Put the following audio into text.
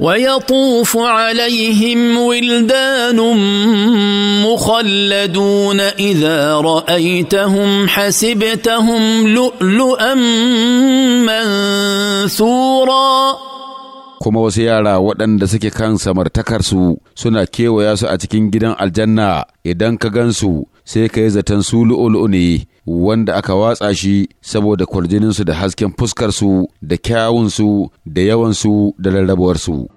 ويطوف عليهم ولدان مخلدون اذا رايتهم حسبتهم لؤلؤا منثورا kuma wasu yara waɗanda suke kan samartakarsu suna kewaya su a cikin gidan aljanna idan ka gansu sai ka yi zaton su lu'ulu'u ne wanda aka watsa shi saboda kwarjininsu da hasken fuskarsu da kyawunsu da yawansu da rarrabuwarsu.